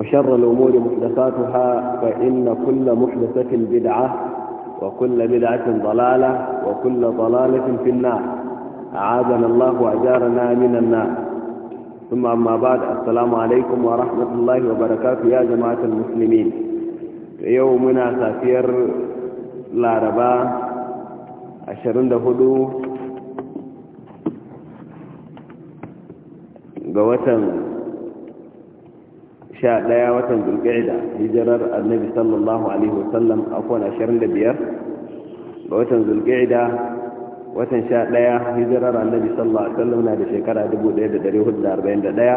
وشر الأمور محدثاتها فإن كل محدثة بدعة وكل بدعة ضلالة وكل ضلالة في النار أعاذنا الله وأجارنا من النار ثم أما بعد السلام عليكم ورحمة الله وبركاته يا جماعة المسلمين يومنا سافير لاربا عشرين دهدو قوة sha ɗaya watan zulqa'ida hijirar annabi sallallahu alaihi wasallam akwai ashirin da biyar ga watan zulqa'ida watan sha ɗaya hijirar annabi sallallahu alaihi wasallam na da shekara dubu ɗaya da ɗari hudu da arba'in da ɗaya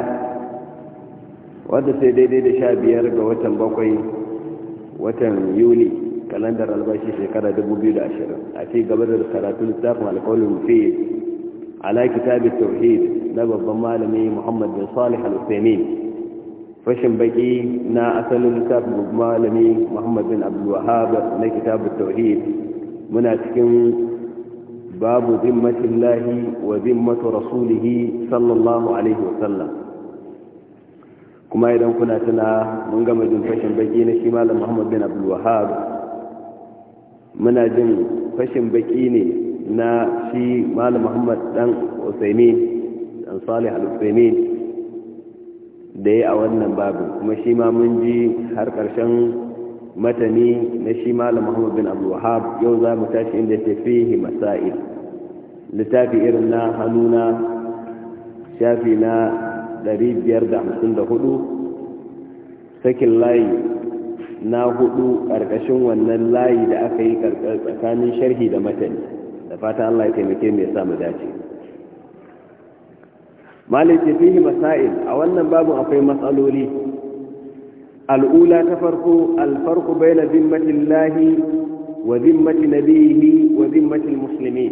wadda sai daidai da sha biyar ga watan bakwai watan yuli kalandar albashi shekara dubu biyu da ashirin a ci gaba da karatun littafin alkawalin mufi ala kitabin tauhid na babban malami muhammad bin salih al-usaimin fashin baki na asalin littafin malami muhammad bin abdulwahab na kitabu tauhid muna cikin babu zimmatin lahi wa zimmatu rasulihi sallallahu alaihi wasallam kuma idan kuna tuna mun gama jin fashin baki na shi malam muhammad bin abdulwahab muna jin fashin baki ne na shi malam muhammad dan usaimin dan salih al-usaimin da ya a wannan babu kuma shi ma mun ji har ƙarshen matani na shi malam muhammad bin abu wahab yau za mu tashi inda ke fihi masa'il littafi irin na hannuna shafi na 554 sakin layi na hudu ƙarƙashin wannan layi da aka yi tsakanin sharhi da matani da fata allah ya taimake mai mu dace Malik ce fihi masail a wannan babu akwai matsaloli al'ula ta farko alfarku bai na zimmatin lahi wa zimmatin nabihi wa zimmatin musulmi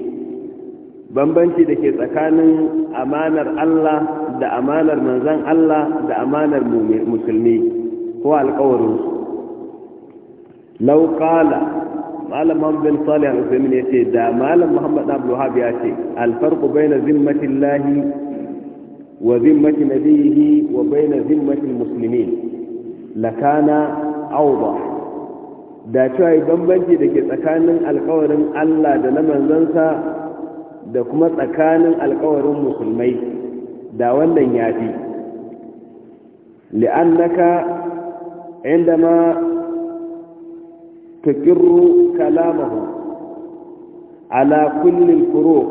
bambanci da ke tsakanin amanar Allah da amanar manzan Allah da amanar musulmi ko alkawarinsu lauƙala malam muhammad salih al-usaimin ya ce da malam muhammad abu ya ce alfarku bai na zimmatin lahi وذمة نبيه وبين ذمة المسلمين لكان أوضح da cewa bambanci da ke tsakanin alkawarin Allah da na manzansa da kuma tsakanin alkawarin musulmai da wannan ya fi li'annaka inda ma tukirru kalamahu ala kullin furo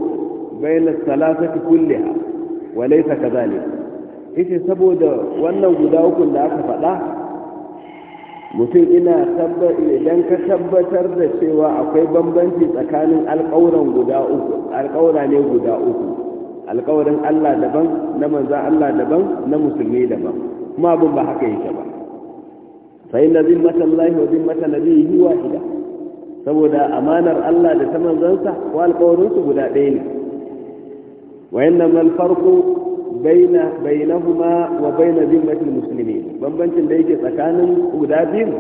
bayan salasati kulliha walaisa kazalik ita saboda wannan guda uku da aka faɗa mutum ina idan ka tabbatar da cewa akwai bambanci tsakanin alƙawuran guda uku alƙawura ne guda uku alƙawarin Allah daban na manza Allah daban na musulmi daban kuma abin ba haka yake ba sai na zimmatan lahi wa zimmatan nabihi wahida saboda amanar Allah da ta manzansa ko alƙawarinsu guda ɗaya ne وإنما الفرق بين بينهما وبين ذمة musulmi. بمبنشن da yake tsakanin guda biyu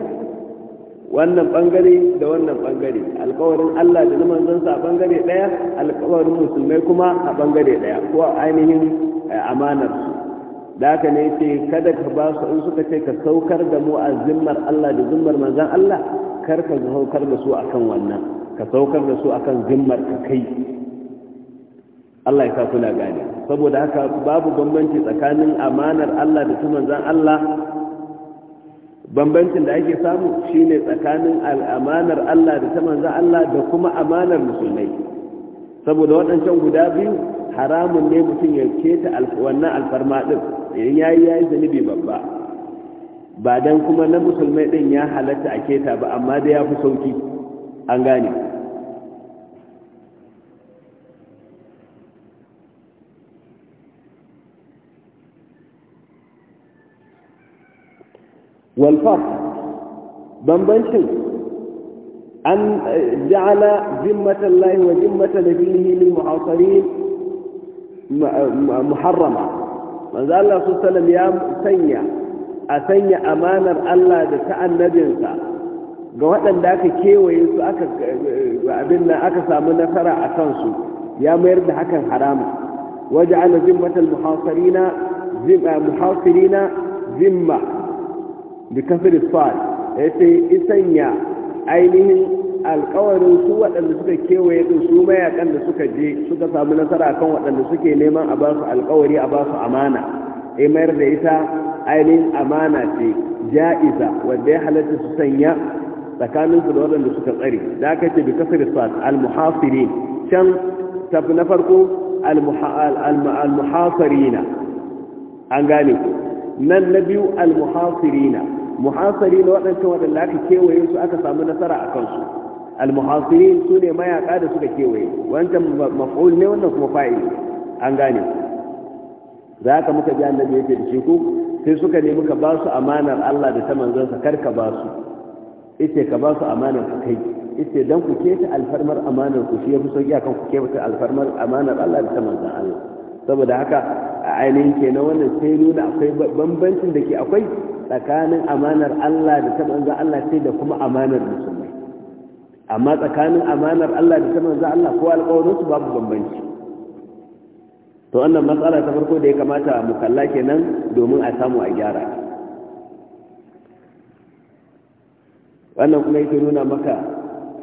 wannan bangare da wannan bangare alkawarin Allah da manzon a bangare daya alkawarin musulmai kuma a bangare ɗaya. ko ainihin amanar su da haka ne yace kada ka basu su in suka ce ka saukar da mu a zimmar Allah da zimmar manzon Allah kar ka saukar da su akan wannan ka saukar da su akan zimmar ka kai Allah ya sa kuna gane saboda haka babu bambanci tsakanin amanar Allah da tuman zan Allah bambancin da ake samu shine tsakanin amanar Allah da ta manzan Allah da kuma amanar musulmai saboda waɗancan guda biyu haramun ne mutum ya keta wannan alfarma ɗin idan ya yi ya yi zanibi babba ba don kuma na musulmai ɗin ya halatta a keta ba amma da ya fi sauki an gane والفرق بنبنشن أن جعل ذمة الله وذمة نبيه للمعاصرين محرمة من ذا الله صلى الله عليه وسلم يا سنيا أمانة الله aka kewaye su aka aka samu nasara a kansu ya mayar da hakan harama waje ana zimmatar muhasirina zimma bi kasar sa'ad ya ce isanya ainihin alkawarin su waɗanda suka kewaye din su mayakan da suka je suka samu nasara kan waɗanda suke neman a su alkawari a basu amana a mayar da ita ainihin amana ce ja'iza wadda ya halatta su sanya tsakanin su da waɗanda suka tsare da aka ce bi kasar sa'ad can tafi na farko al an gane nan na biyu al-muhasirina muhasari na waɗancan waɗanda aka kewaye su aka samu nasara a kansu almuhasirin su ne mayaƙa da suka kewaye wancan maf'ul ne wannan kuma fa'il an gane za ka muka ji annabi yake da shi ko sai suka nemi ka ba su amanar Allah da ta manzansa kar ka ba su ita ka ba su amanar ka kai ita dan ku keta alfarmar amanar ku shi ya fi sauki akan ku keta alfarmar amanar Allah da ta manzan Allah saboda haka a ainihin kenan wannan sai nuna akwai bambancin da ke akwai tsakanin amanar Allah da ta manzo Allah sai da kuma amanar musulmai amma tsakanin amanar Allah da ta manzo Allah ko alƙawarin su babu bambanci to wannan matsala ta farko da ya kamata mu kalla kenan domin a samu a gyara wannan kuma yake nuna maka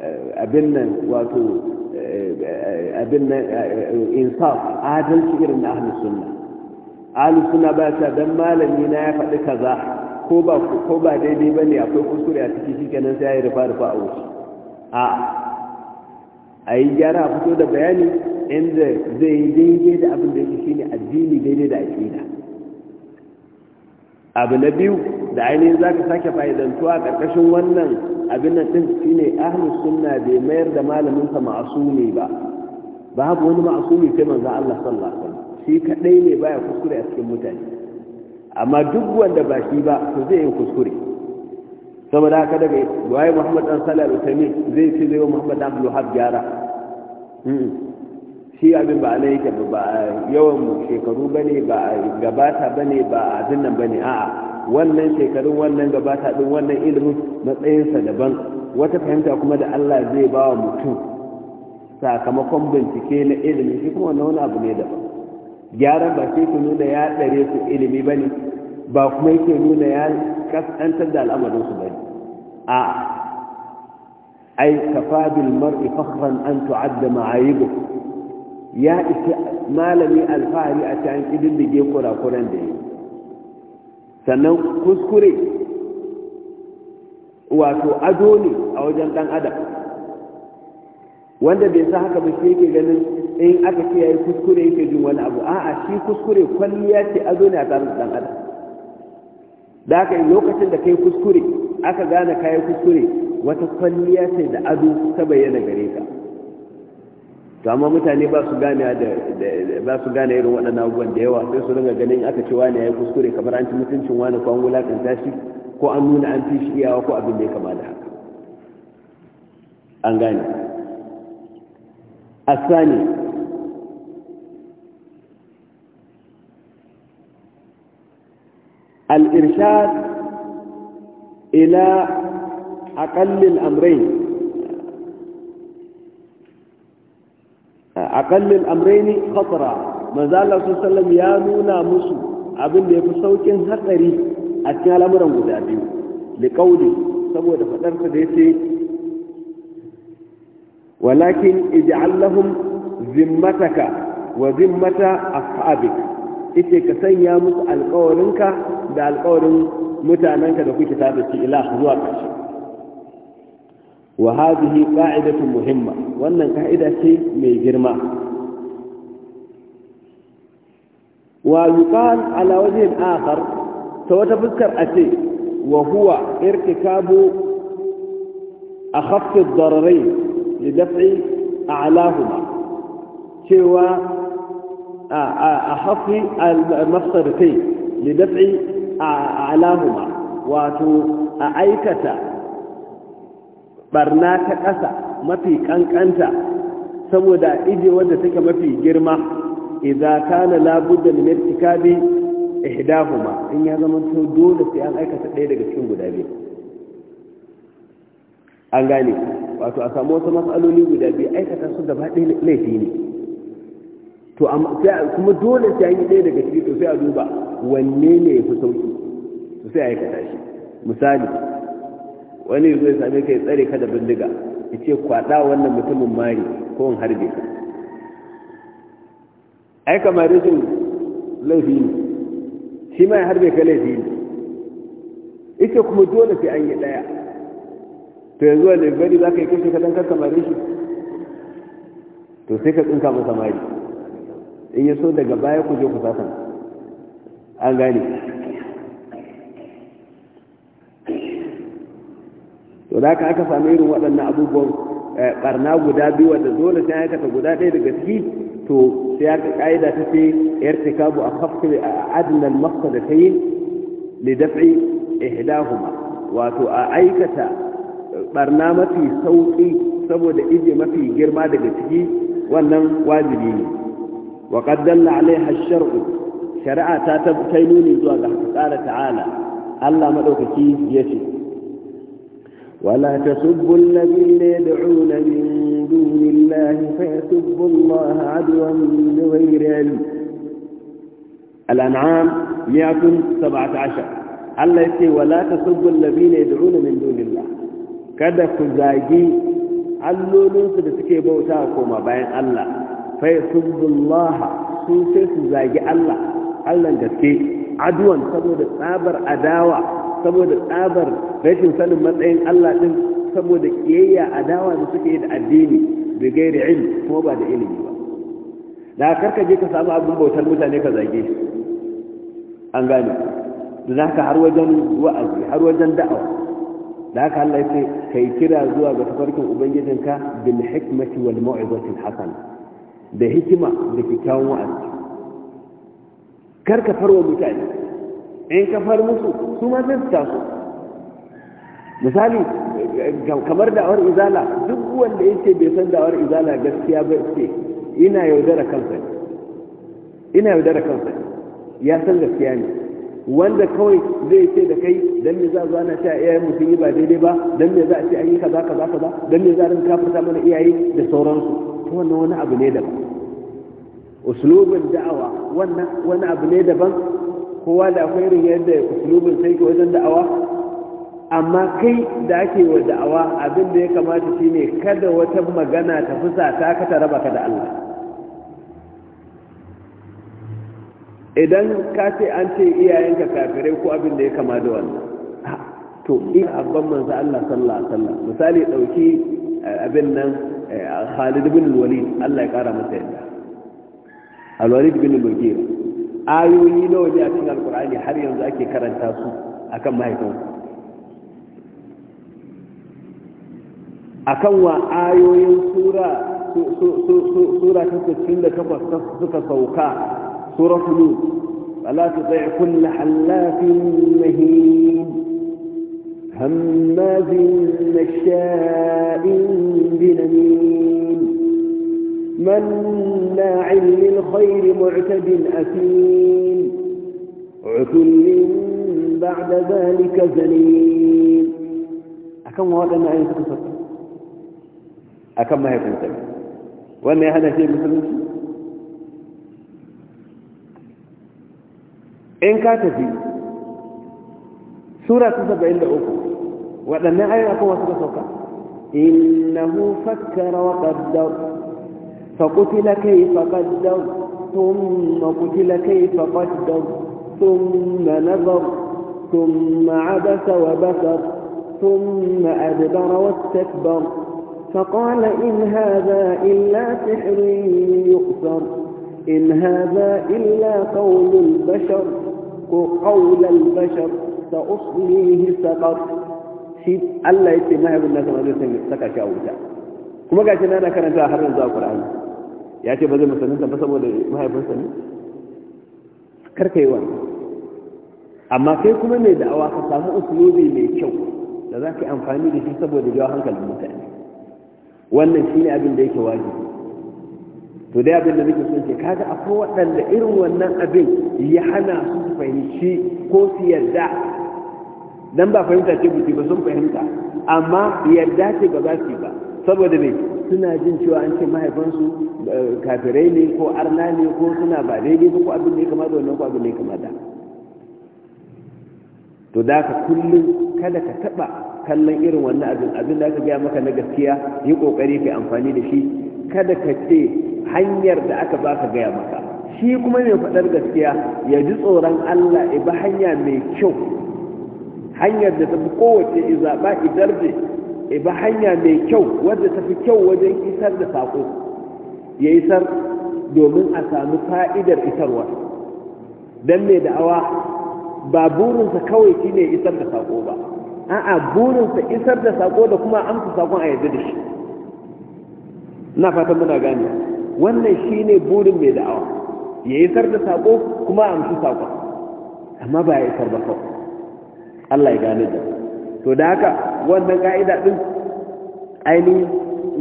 eh, abin nan wato eh, abin nan eh, insaf adalci irin na ahlus sunna ahlus sunna ba ta dan malami na ya faɗi kaza ko ba daidai ba daidai akwai kuskure a ciki shikenan sai ya rufa rufa a wuce a a yi gyara a fito da bayani inda zai yi daidai da abin da yake ne addini daidai da aqida abu na biyu da ainihin za ka sake fa'idantuwa a ƙarƙashin wannan abin nan ɗin shi ne ahlus sunna bai mayar da malaminsa ma'asumi ba babu wani ma'asumi sai manzan Allah sallallahu alaihi wasallam shi kaɗai ne baya kuskure a cikin mutane amma duk wanda ba shi ba to zai yi kuskure saboda haka daga waye muhammad dan salih al zai ce zai wa muhammad dan luhab gyara shi abin ba alai yake ba yawan shekaru bane ba gabata bane ba abin nan bane a'a wannan shekarun wannan gabata din wannan ilimin matsayinsa daban wata fahimta kuma da Allah zai ba wa mutum sakamakon bincike na ilimin shi kuma wannan wani abu ne daban gyaran ba sai ke nuna ya tsare su ilimi ba ne ba kuma yake nuna ya kasantar da al'amarinsu ba ne a ai kafa bil an tu'adda ma'ayibu ya isa malami alfahari a ta an kurakuran da yi sannan kuskure wato ado ne a wajen ɗan adam wanda bai sa haka ba shi yake ganin in aka ce yayi kuskure yake jin wani abu a'a shi kuskure kwalliya ce zo ne a tsarin dan adam da haka lokacin da kai kuskure aka gane kayan kuskure wata kwalliya ce da ado ta bayyana gare ka to amma mutane ba su gane da ba su gane irin waɗannan abubuwan da yawa sai su ringa ganin aka ce wani yayi kuskure kamar an ci mutuncin wani ko an wulakanta shi ko an nuna an fi shi iyawa ko abin da ya kama da haka an gane asani الإرشاد إلى أقل الأمرين أقل الأمرين خطرا ما زال الله صلى الله عليه وسلم يامونا مسو أبن يفسو كن هقري أتنى الأمر مدابين لقوله سبوة فتر فديسي ولكن اجعل لهم ذمتك وذمة أصحابك إتيك سيامس القولنك da alƙawarin mutanenka da kuke tafi ci ila zuwa ƙarshe wa hadhihi qa'idatun muhimma wannan ka'ida ce mai girma wa yuqal ala wajhin akhar ta wata fuskar a ce wa huwa irtikabu akhaff ad-dararain li daf'i a'lahuma cewa a hafi al-mafsadatai li daf'i a alahuma wato a aikata barna ta ƙasa mafi ƙanƙanta saboda ije wadda take mafi girma idan kana labudda min irtikabi ihdahuma in ya zama to dole sai an aikata ɗaya daga cikin guda biyu an gane wato a samu wasu matsaloli guda biyu aikata su gaba ɗaya laifi ne to kuma dole sai yi ɗaya daga cikin to sai a duba wanne ne ya fi sauki to sai a aikata shi misali wani zai same ka ya tsare ka da bindiga ya ce kwaɗa wannan mutumin mari ko in harbe ka ai kamar rashin laifi ne shi ma ya harbe ka laifi ne ita kuma dole sai an yi ɗaya to yanzu wani bari za ka yi kashe ka don kasa mari shi to sai ka tsinka masa mari in ya so daga baya ku je ku satan an gane to da aka samu irin waɗannan abubuwan eh, ɓarna guda biyu wadda dole sai aikata guda ɗaya daga ciki to sai aka ƙa'ida ta ce yar kabu a kafin a adinan mafka da ta yi lidafi ihdahuma wato a aikata ɓarna mafi sauƙi saboda ije mafi girma daga ciki wannan wajibi ne وقد دل عليها الشرع شرعة تبتينوني زواج قال تعالى الله كيف يشي ولا تسبوا الذين يدعون من دون الله فيسبوا الله عدوا بغير علم الأنعام 117 الله يقول ولا تسبوا الذين يدعون من دون الله kada ku اللولو سبسكي da suke bauta koma fa yasubbullaha su sai su zagi Allah Allah gaske aduwan saboda tsabar adawa saboda tsabar rashin sanin matsayin Allah din saboda kiyayya adawa da suke yi da addini da gairi ilmi kuma ba da ilimi ba da karka je ka samu abin bautar mutane ka zage an gane da za ka har wajen wa'azi har wajen da'awa da haka Allah ya ce kai kira zuwa ga tafarkin ubangijinka bil hikmati wal mau'izatil hasana da hikima da kyakkyawan wa'azi kar ka farwa mutane in ka far musu su ma zai su taso misali kamar da'awar izala duk wanda ya ce bai san da'awar izala gaskiya ba ce ina yaudara kansa ina yaudara kansa ya san gaskiya ne wanda kawai zai ce da kai dan me za zuwa na sha iyayen mutum yi ba daidai ba dan me za a ce an yi kaza kaza kaza dan me za a rinka kafirta mana iyaye da sauransu to wannan wani abu ne daban uslubin da'awa wannan wani abu ne daban kowa da akwai irin yadda uslubin sai ke wajen da'awa amma kai da ake wa da'awa abin da ya kamata shine kada wata magana ta fusa ta ka ta raba ka da Allah idan ka ce an ce iyayenka kafirai ko abin da ya kama da wannan to in abban manzo Allah sallallahu alaihi wasallam misali dauki eh, abin nan Khalid bin Walid Allah ya kara masa yadda Al-Walid bin al-mughir ayoyi nawa ne a cikin Al-Qur'ani har yanzu ake karanta su akan mahaifin akan wa ayoyin sura sura ta 68 suka sauka suratul lut ala tuti' kullu halatin mahin هماز مشاء بنميم مناع للخير معتد أثيم عتل بعد ذلك زنيم أكم هذا ما يكون سبب أكم ما يكون سبب وأن هذا شيء مثل إن كاتفي سورة 73 ولما عينكم وسوسك إنه فكر وقدر فقتل كيف قدر ثم قتل كيف قدر ثم نظر ثم عبس وبسر ثم أدبر واستكبر فقال إن هذا إلا سحر يؤثر إن هذا إلا قول البشر قول البشر سأصليه سقط shi Allah ya ce mahaifin nasa ma zai saka shi a wuta kuma shi na ana karanta har yanzu a Qur'ani ya ce ba zai musulunta ba saboda mahaifinsa ne karka yi wannan amma kai kuma mai da'awa ka samu usulobi mai kyau da za ka yi amfani da shi saboda jawo hankalin mutane wannan shi ne abin da yake wajibi to dai abin da nake son ce kaga akwai waɗanda irin wannan abin ya hana su su fahimci ko su yarda dan ba fahimta ce buci ba sun fahimta amma yarda ce ba za su ba saboda ne suna jin cewa an ce mahaifansu eh, kafirai ne ko arna ne ko suna ba daidai ba ko abin da ya kamata wannan ko abin da ya kamata to da ka kullum kada ka taba kallon irin wannan abin abin da aka gaya maka na gaskiya yi kokari ka amfani da shi kada ka ce hanyar da aka baka gaya maka shi kuma mai faɗar gaskiya ya ji tsoron Allah ya bi hanya mai kyau hanyar da tafi kowace izaba da ba hanya mai kyau wadda tafi kyau wajen isar da sako ya isar domin a samu fa'idar isarwa don mai da'awa ba burinsa kawai shi ne isar da sako ba a'a burinsa isar da sako da kuma amsa sakon a yadda da shi na fatan muna gane wannan shi ne burin mai da'awa ya isar da sako kuma amsa sakon amma ba ya isar ba kawai Allah ya gane da to da haka wannan ka'ida din aini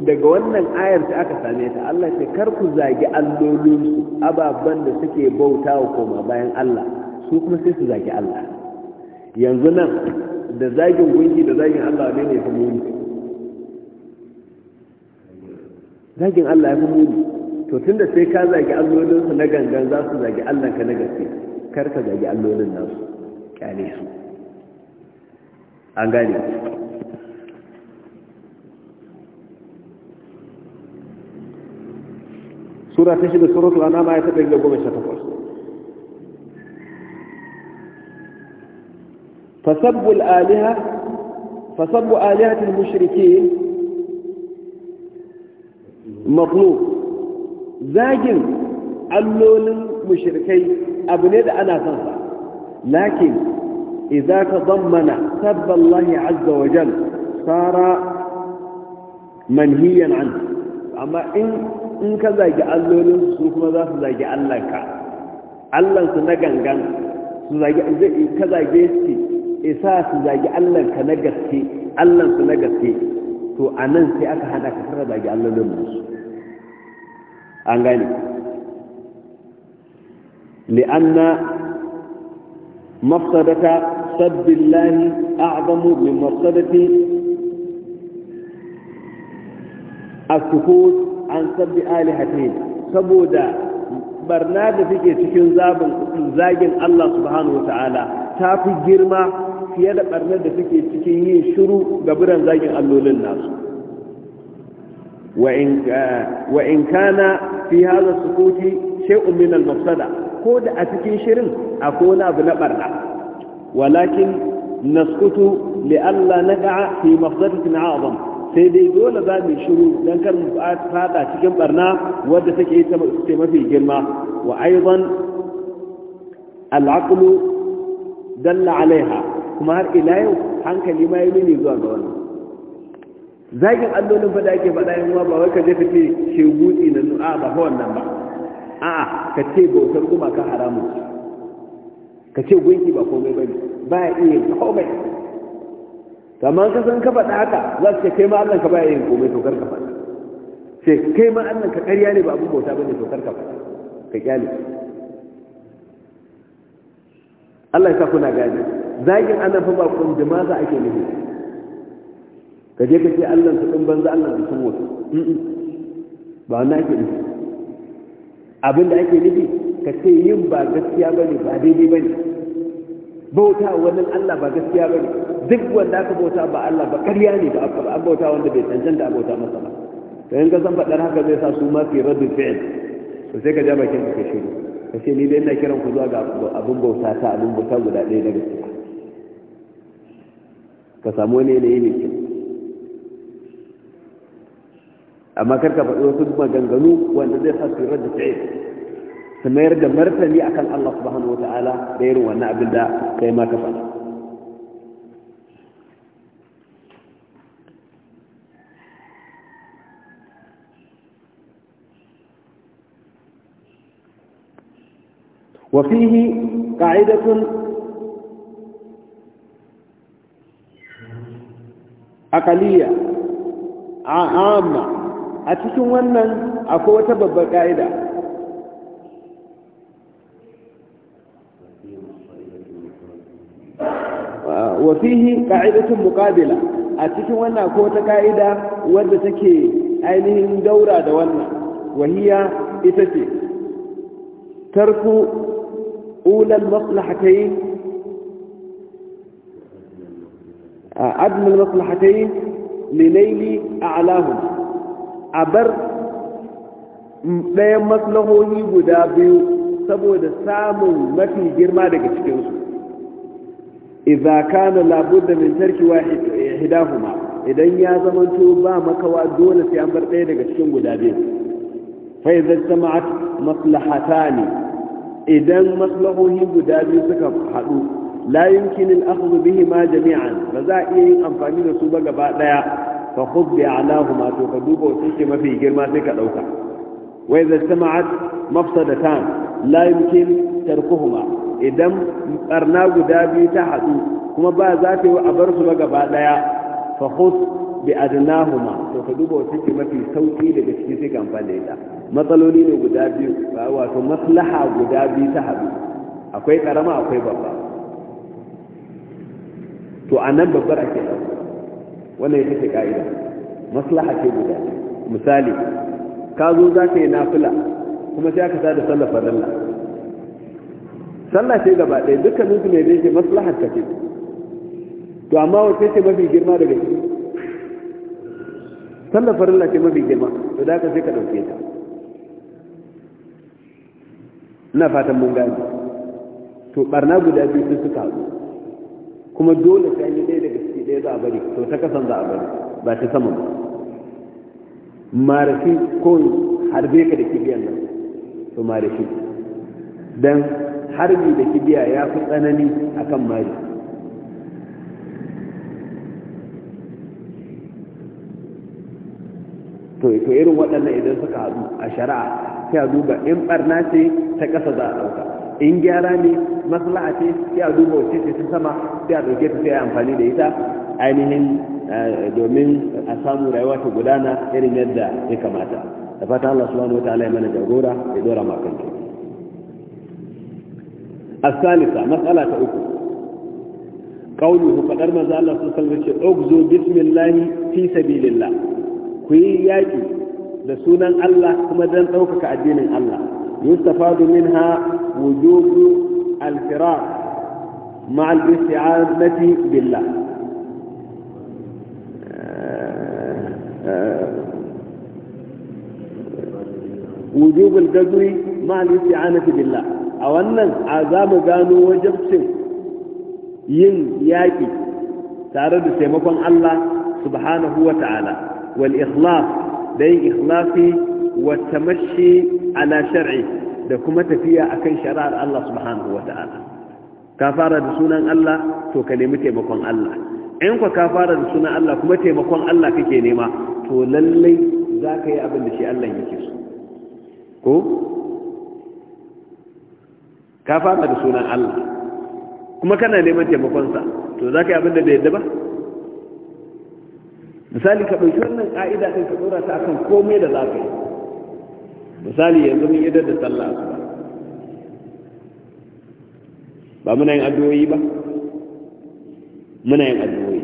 daga wannan ayar ta aka same ta Allah ce kar ku zagi su ababban da suke bauta wa koma bayan Allah su kuma sai su zagi Allah yanzu nan da zagin gungi da zagin Allah ne ne fi muni zagin Allah ya fi muni to tunda sai ka zagi su na gangan za su zagi Allah ka na gaske kar ka zagi allolin nasu kyale su angali sura tishi shida suratul anama ya taɓa da goma sha takwas fasabbu alaha fasabbu alihatul mushriki maqlub zagin allolin mushrikai abu ne da ana san sa lakin إذا تضمن سب الله عز وجل صار منهيا عنه أما إن in ka zagi allolin kuma za su zagi allanka allansu na gangan su zagi ka zage su isa su zagi allanka na gaske allansu na gaske to a nan sai aka hana ka fara zagi م ف سب الله أعظم من م السكوت عن سب آلهته سبودا برنامج فيك سكن زاجن الله سبحانه وتعالى تافي جرما في هذا برنامج فيك سكن يشرو قبرا زاجن الله للناس آه، وإن كان في هذا السكوت شيء من ا ko da a cikin shirin akwai wani abu na barna walakin naskutu li Allah naqa'a fi mafsadatin a'zam sai dai dole za mu shiru dan kar mu fada cikin barna wadda take ta mafi girma wa aidan al-aql dalla alaiha kuma har ila yau hankali ma yi ne zuwa ga wannan zagin allolin fada ake faɗa yin ba wai ka je ka ce shegu na a ba fa wannan ba a'a ka ce bautar gumaka haramun ka ce gunki ba komai bane ba ya iya komai kamar ka san kafa haka za su ce kai ma Allah ka ba ya yin komai saukar kafa faɗa ce kai ma Allah ka ƙarya ne ba abin bauta bane ne karka faɗa ka kyale Allah ya sa kuna gani zagin Allah fa ba kun jama'a za ake nufi ka je ka ce Allah su ɗin banza Allah su sun wasu ba wani ake nufi abinda ake nufi ka ce yin ba gaskiya bane ba daidai bane bauta wannan Allah ba gaskiya bane duk wanda aka bauta ba Allah ba ƙarya ne ba an bauta wanda bai cancanta a bauta masa ba to in ka san faɗar haka zai sa su ma fi raddul fi'l to sai ka ja bakin ka shiru ka ce ni dai ina kiran ku zuwa ga abin bauta ta abin bauta guda ɗaya na gaskiya ka samu wani yanayi ne kyau amma karka faɗi wasu maganganu wanda zai fasu su rada ta'id su mayar da martani akan Allah subhanahu wata'ala da irin wannan abin da kai ma ka faɗa وفيه قاعدة أقلية عامة a cikin wannan akwai wata babbar ƙa'ida wafihi ƙa'idatun muƙabila a cikin wannan akwai wata ƙa'ida wadda take ainihin daura da wannan wahiya ita ce tarku ulal maslahatai عدم المصلحتين لنيل أعلاهم a bar ɗayan maslahohi guda biyu saboda samun mafi girma daga cikinsu idza kana labudda min tarki wahidahuma idan ya zamanto ba makawa dole sai an bar ɗaya daga cikin guda biyu fa idza jama'at maslahatani idan maslahohi guda biyu suka haɗu la yumkin al-akhdh bihima jami'an ba za a iya yin amfani da su ba gaba ɗaya fa khudh bi a'lahuma to ka duba wacce ce mafi girma sai ka dauka wa idza sama'at mafsadatan la yumkin tarkuhuma idan barna guda biyu ta hadu kuma ba za ta yi a bar su ba gaba daya fa khudh bi adnahuma to ka duba wacce ce mafi sauki daga cikin sai ka amfani da matsaloli ne guda biyu ba wato maslaha guda biyu ta hadu akwai karama akwai babba to a nan babbar ake ɗauka wannan ita ce ka'ida maslaha ce guda misali ka zo za ka yi nafila kuma sai aka sada sallar farilla sallah ce gaba ɗaya dukkanin su ne da yake maslahar ka ce to amma wace ce mafi girma daga ciki sallar farilla ce mafi girma to da ka sai ka ɗauke ta ina fatan mun gani to barna guda biyu sun suka haɗu kuma dole sai an yi ɗaya daga ɗaya za a bari to ta kasan za a bari ba ta sama ba marashi ko harbe ka da kibiyan nan to marashi don harbi da kibiya ya fi tsanani akan mari to irin waɗannan idan suka haɗu a shari'a sai a duba in ɓarna ce ta ƙasa za a ɗauka in gyara ne maslaha ce sai a duba wacce ce ta sama sai a ɗauke ta sai a amfani da ita ainihin eh, domin a samu rayuwa ta gudana irin yadda ya kamata da fata Allah subhanahu wataala ya mana jagora ya dora ma kanta ki salisa matsala ta uku qawluhu fadar manzo Allah sallallahu alaihi wasallam ce ugzu bismillahi fi sabilillah ku yi yaki da sunan Allah kuma dan ɗaukaka addinin Allah يستفاد منها وجوب الفراق مع الاستعانة بالله وجوب القدر مع الاستعانة بالله أو أن عزام قانو وجب سن ين ياكي تارد سيمكم الله سبحانه وتعالى والإخلاص بين إخلاصي والتمشي ala shar'i da kuma tafiya akan shari'ar Allah subhanahu wata'ala ka fara da sunan Allah to ka nemi taimakon Allah in ka ka fara da sunan Allah kuma taimakon Allah kake nema to lallai za ka yi abin da shi Allah yake so ko ka fara da sunan Allah kuma kana neman taimakonsa to za ka yi abin da bai yadda ba misali ka ɗauki wannan ƙa'ida ɗin ka ɗora ta akan komai da za yi misali yanzu mun idar da sallah asuba ba muna yin addu'o'i ba muna yin addu'o'i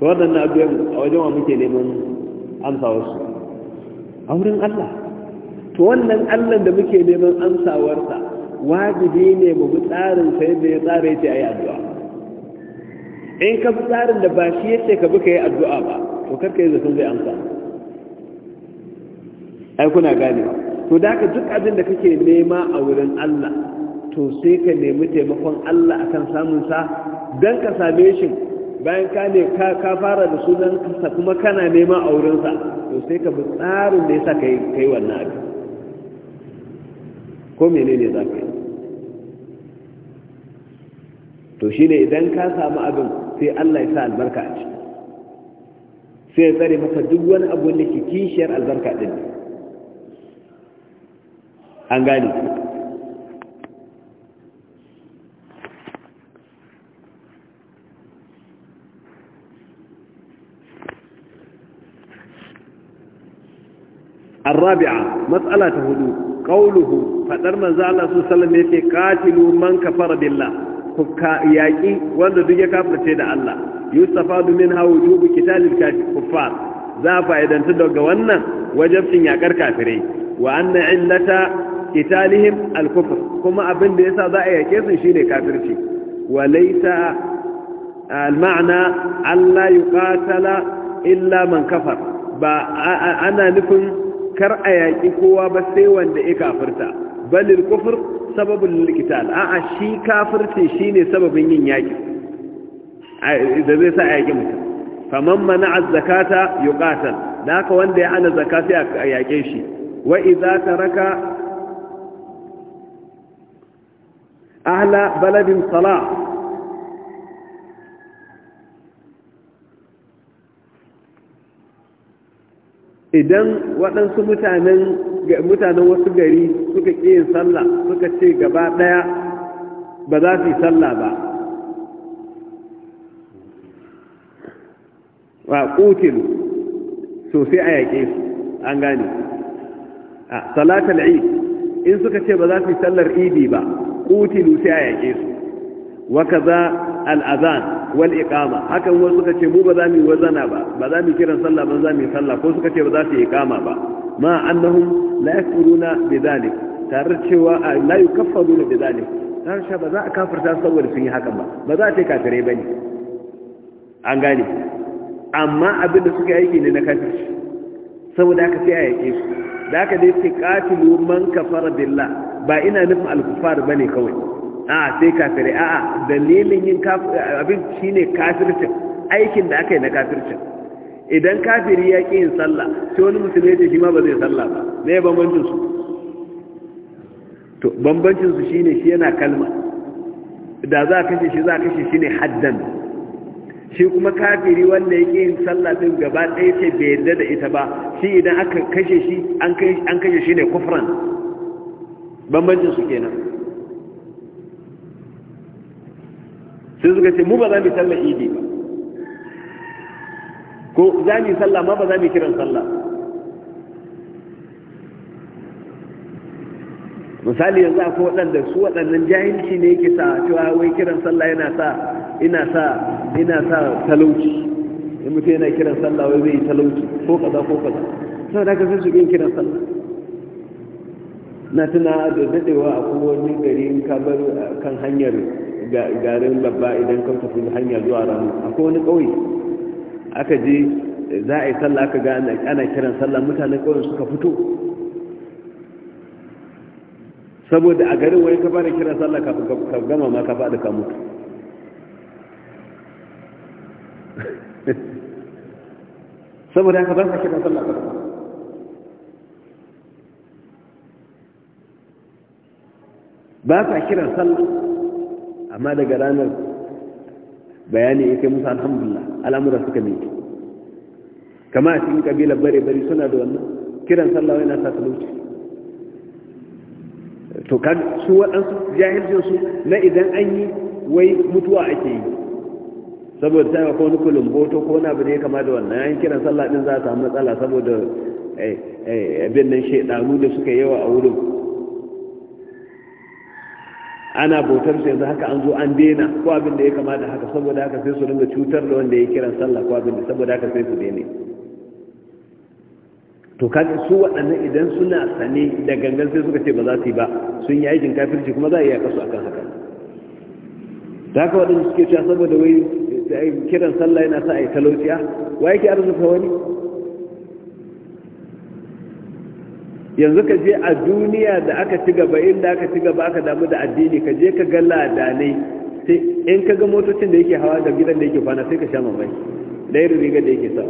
to waɗannan addu'o'in a wajen wa muke neman amsa wasu a wurin Allah to wannan Allah da muke neman amsawarsa wajibi ne mu bi tsarin sai da ya tsara yace ayi addu'a in ka bi tsarin da ba shi yace ka bi ka yi addu'a ba to karka yi zaton zai amsa ai kuna ganewa to da ka duk abin da kake nema a wurin Allah to sai ka nemi taimakon Allah akan samun sa dan ka same shi bayan ka ne ka fara da sunan kasa kuma kana nema a wurinsa, sa to sai ka bi tsarin da yasa kai kai wannan abin ko menene za ka yi to shine idan ka samu abin sai Allah ya sa albarka a ciki sai ya tsare maka duk wani abu da ke kishiyar albarka din an gane Rabi'a, matsala ta hudu kauluhu fadar manzo Allah su sallam yake katilu man kafara billah ku ka yaki wanda duk ya kafirce da Allah yustafadu min ha wujubu qitalil kafar za fa'idanta daga wannan wajibin yakar kafirai wa anna illata kitalihim al-kufr kuma abin da yasa za a yake sun shine kafirci wa laysa ah, al-ma'na alla yuqatala illa man kafar ba ana nufin kar a yaki kowa ba sai wanda ya kafirta bal al-kufr sababul qital a'a shi kafirci shine sababin yin yaki da zai sa a yaki mutum faman mana'a zakata yuqatal da haka wanda ya ana zakata a yake shi wa idza taraka أهل بلد صلاة idan waɗansu mutanen wasu gari suka ƙi yin sallah suka ce gaba ɗaya ba za su yi sallah ba wa ƙutilu sosai a yaƙe su an gane a salatul eid in suka ce ba za su yi sallar idi ba qutilu sai a yake su wa kaza al azan wal iqama hakan wasu suka ce mu ba za mu wazana ba ba za mu kiran sallah ba za mu sallah ko suka ce ba za su iqama ba ma annahum la yakfuruna bidhalik tare cewa la yukaffaruna bidhalik tare cewa ba za a kafirta saboda sun yi hakan ba ba za a ce kafirai bane an gane amma abin da suka aiki ne na kafirci saboda aka sai a yake su da haka dai ce qatilu man kafara billah ba ina nufin alkufar bane kawai a sai kafirai a dalilin yin abin shine kafircin aikin da aka yi na kafircin idan kafiri ya ƙi yin sallah sai wani musulmi ya shi ma ba zai sallah ba me ya bambancin su to bambancin su shine shi yana kalma da za a kashe shi za a kashe shi ne haddan shi kuma kafiri wanda ya ƙi yin sallah din gaba ɗaya ce bai yarda da ita ba shi idan aka kashe shi an kashe shi ne kufran bambancin su kenan sai suka ce mu ba za mu sallar idi ba ko za mu sallah ma ba za mu kiran sallah misali yanzu akwai waɗanda su waɗannan jahilci ne yake sa cewa wai kiran sallah yana sa ina sa ina sa talauci in mutum yana kiran sallah wai zai yi talauci ko kaza ko kaza saboda haka sai su yi kiran sallah na tuna da dadewa a kowanne gari in ka bar kan hanyar garin babba idan ka tafi hanya zuwa ramu A kowanne ƙauye aka je za a yi sallah aka ga ana kiran sallah mutane ƙauyen suka fito saboda a garin wani ka fara kiran sallah ka gama ma ka faɗi ka mutu saboda ka ba ka kiran sallah ka faɗi ba sa kiran sallah amma daga ranar bayani ya kai musa alhamdulillah al'amura suka mai kama a cikin kabilar bare bare suna da wannan kiran sallah nasa ta talauci to kan su waɗansu jahilcin su na idan an yi wai mutuwa ake yi saboda ta ko wani kulumboto ko wani abu ne, kama da wannan 'yan kiran sallah din za a samu matsala saboda eh, eh, abin nan shaidanu da suka yawa a wurin ana bautar sa yanzu haka an zo an daina ko abin da ya kamata haka saboda haka sai su dinga cutar da wanda ya kiran sallah ko abin da saboda haka sai su daina to kaga su waɗannan idan suna sane da gangan sai suka ce ba za su yi ba sun yi aikin kafirci kuma za a iya kasu akan haka da haka waɗanda suke cewa saboda wai eh, kiran sallah yana sa a yi talauciya ah, wa yake arzuka wani yanzu ka je a duniya da aka ci gaba inda aka ci gaba aka damu da addini ka je ka ga ladanai sai in ka ga motocin da yake hawa da gidan da yake kwana sai ka sha mamaki da irin riga da yake sa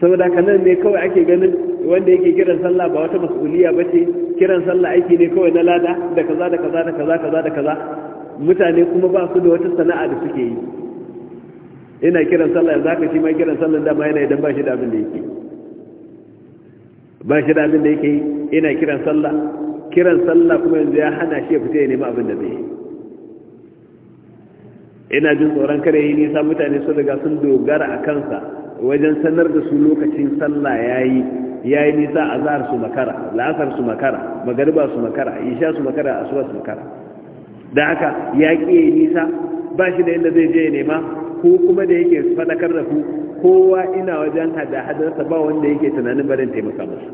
saboda ka nan ne kawai ake ganin wanda yake kiran sallah ba wata mas'uliya ba ce kiran sallah aiki ne kawai na lada da kaza da kaza da kaza kaza da kaza mutane kuma ba su da wata sana'a da suke yi ina kiran sallah yanzu haka shi ma kiran sallah dama yana idan ba shi da abin da yake ba shi da abin da yake ina kiran sallah kiran sallah kuma yanzu ya hana shi ya fita ya nemi abin da zai ina jin tsoron kare yi nisa mutane sun riga sun dogara a kansa wajen sanar da su lokacin sallah ya yi ya yi nisa a zahar su makara la'asar su makara magariba su makara isha su makara asuwa su makara da haka ya ƙi ya yi nisa ba shi da yadda zai je ya nema ko kuma da yake sadakar da ku kowa ina wajen hada hadarsa ba wanda yake tunanin barin taimaka musu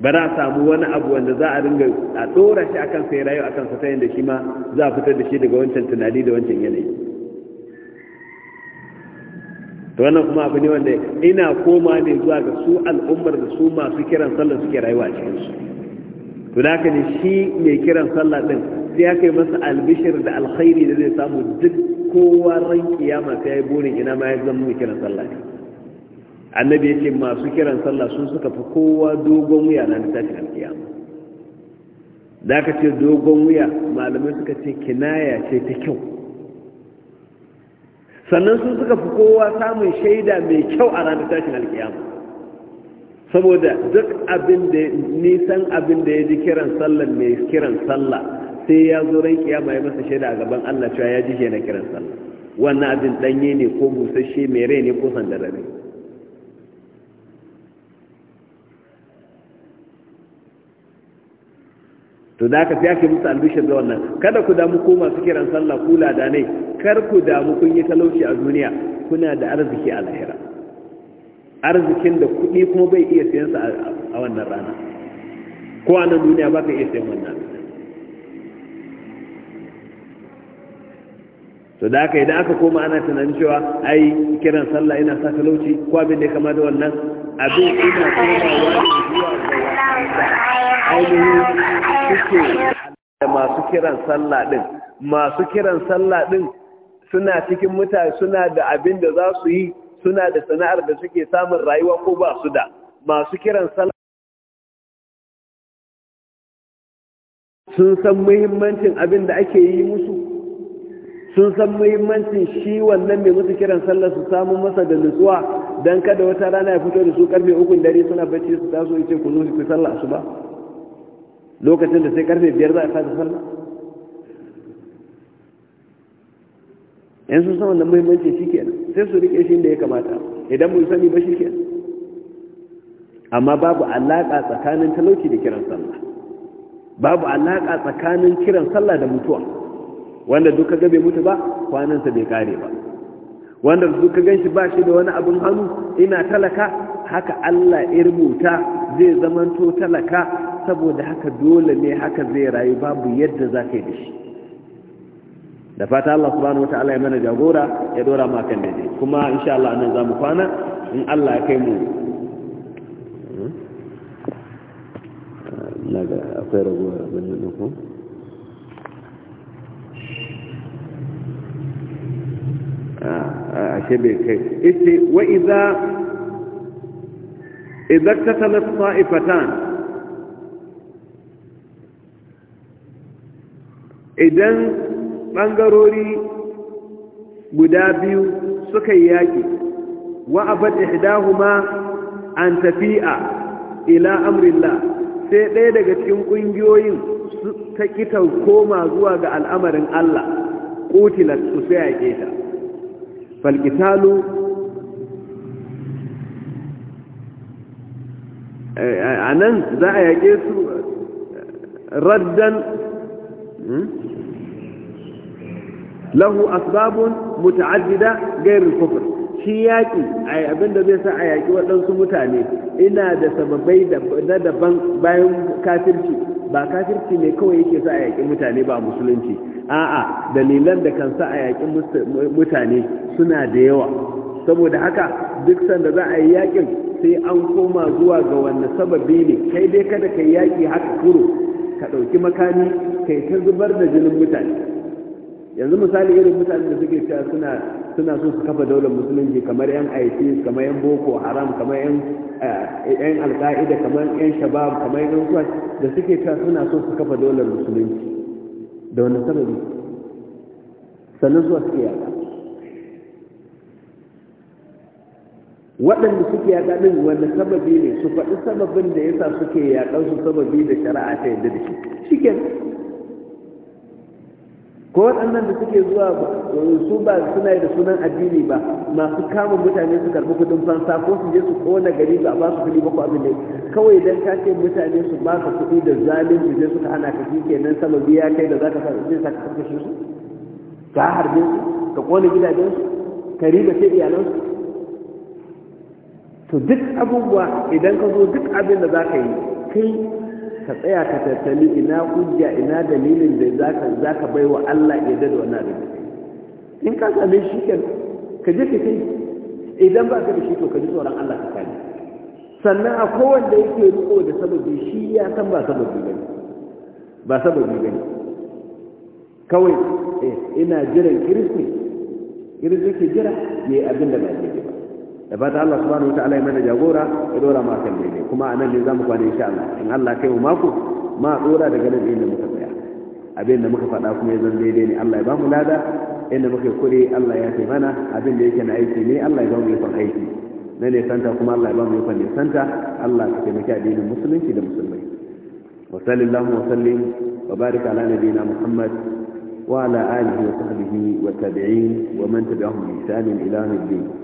ba za samu wani abu wanda za a ringa a tsora shi akan sai rayu akan sa ta da shi ma za a fitar da shi daga wancan tunani da wancan yanayi to wannan kuma abu ne wanda ina koma ne zuwa ga su al'ummar da su masu kiran sallah suke rayuwa a cikin su to da haka ne shi mai kiran sallah din sai aka yi masa albishir da alkhairi da zai samu duk kowa ran kiyama sai burin ina ma ya zama mai kiran sallah ne annabi ya ce masu kiran sallah sun suka fi kowa dogon wuya na littafin alkiyama da aka ce dogon wuya malamai suka ce kinaya ce ta kyau sannan sun suka fi kowa samun shaida mai kyau a ranar tashin alkiyama saboda duk abin da nisan abin da ya ji kiran sallah mai kiran sallah sai ya zo ran kiyama ya masa shaida a gaban Allah cewa ya ji shi na kiran sallah wannan abin danye ne ko busasshe mai rai ne ko ne to da aka fiye musu albishe da wannan kada ku damu ko masu kiran sallah kula da ne kar ku damu kun yi talauci a duniya kuna da arziki a lahira arzikin da kuɗi kuma bai iya siyansa a wannan rana ko a nan duniya ba ka iya siyan wannan to da yi idan aka koma ana tunanin cewa ai kiran sallah ina sa talauci ko abin da ya kama da wannan abin ina komawa ne zuwa suke da masu kiran sallah din masu kiran sallah din suna cikin mutane suna da abin da za su yi suna da sana'ar da suke samun rayuwa ko ba su da masu kiran sallah sun san muhimmancin abin da ake yi musu sun san muhimmancin shi wannan mai musu kiran sallar su samu masa da nutsuwa don kada wata rana ya fito da su karfe ukun dare suna bacci su taso ce ku zo ku sallah su ba lokacin da sai karfe biyar za a fata sallah yan sun san wannan muhimmancin shi kenan sai su rike shi da ya kamata idan mu sani ba shi kenan amma babu alaƙa tsakanin talauci da kiran sallah babu alaƙa tsakanin kiran sallah da mutuwa wanda duk kaga bai mutu ba kwanansa bai kare ba wanda duk ka ganshi ba shi da wani abin hannu ina talaka haka Allah irmuta zai zai zamanto talaka saboda haka dole ne haka zai rayu babu yadda za yi da shi da fata Allah subhanahu wata'ala ya mana jagora ya dora ma kan daidai kuma insha Allah anan za mu kwana in Allah ya kai mu hmm? akwai ragowar abin da ko a shebe kai ita wa idza idza tatalat ta'ifatan idan ɓangarori guda biyu suka yaki wa abad ihdahuma an tafi'a ila amrillah sai ɗaya daga cikin ƙungiyoyin ta kitan koma zuwa ga al'amarin Allah ƙutilar su sai a ta فالقتال a nan za a له su raddan lahu asbabun muta'addida gairin kufur shi yaƙi abinda zai sa a yaƙi waɗansu mutane ina da sababai na daban bayan kafirci ba kafirci ne kawai yake sa a yaƙi mutane ba musulunci a'a dalilan da kan sa a yakin mutane suna da yawa saboda haka duk sanda za a yi yakin sai an koma zuwa ga wanda sababi ne kai dai kada kai yaki haka kuro ka ɗauki makami kai ta zubar da jinin mutane yanzu misali irin mutane da suke cewa suna suna so su kafa daular musulunci kamar yan aiki kamar yan boko haram kamar yan eh, yan alka'ida kamar yan shabab kamar yan da suke cewa suna so su kafa daular musulunci da wani sababi sannan zuwa suke yaƙa waɗanda suke yaƙa ɗin wani sababi ne su faɗi sababin da yasa suke yaƙar su sababi da shari'a ta yadda da shi shi kenan ko waɗannan da suke zuwa su ba suna da sunan addini ba masu kama mutane su karɓi kuɗin fansa ko su je su kona gari ba ba su kuɗi ba ko abin da kawai idan ka ce mutane su ba ka kuɗi da zalunci su suka hana ka ke nan sababi ya kai da za ka zai saka ka su ka harbe su ka kona gidajen su ka riba ta iyalan su to duk abubuwa idan ka zo duk abin da za ka yi kai ka tsaya ka tattali ina hujja ina dalilin da zaka zaka baiwa Allah ya da wannan abin in ka same shi ka je ka kai idan ba ka da shi to ka ji tsoron Allah ka kai sannan a kowanne yake riko da sababi shi ya san ba sababi bane ba sababi bane kawai eh, ina jiran kiristi kiristi ke jira yayi abin da ba ke ba da fata Allah subhanahu ta'ala ya mana jagora ya dora ma kan daidai kuma a nan ne zamu kwana insha Allah in Allah kai mu mako ma dora daga nan inda muka tsaya abin da muka faɗa kuma ya zan daidai ne Allah ya bamu lada inda muka kure Allah ya kai mana abin da yake na aiki ne Allah ya bamu yakan aiki na ne santa kuma Allah ya bamu yakan ne santa Allah ya taimaki addinin musulunci da musulmai wa sallallahu wa sallim wa barika ala nabiyina Muhammad وعلى آله وصحبه والتابعين ومن تبعهم بإحسان إلى الدين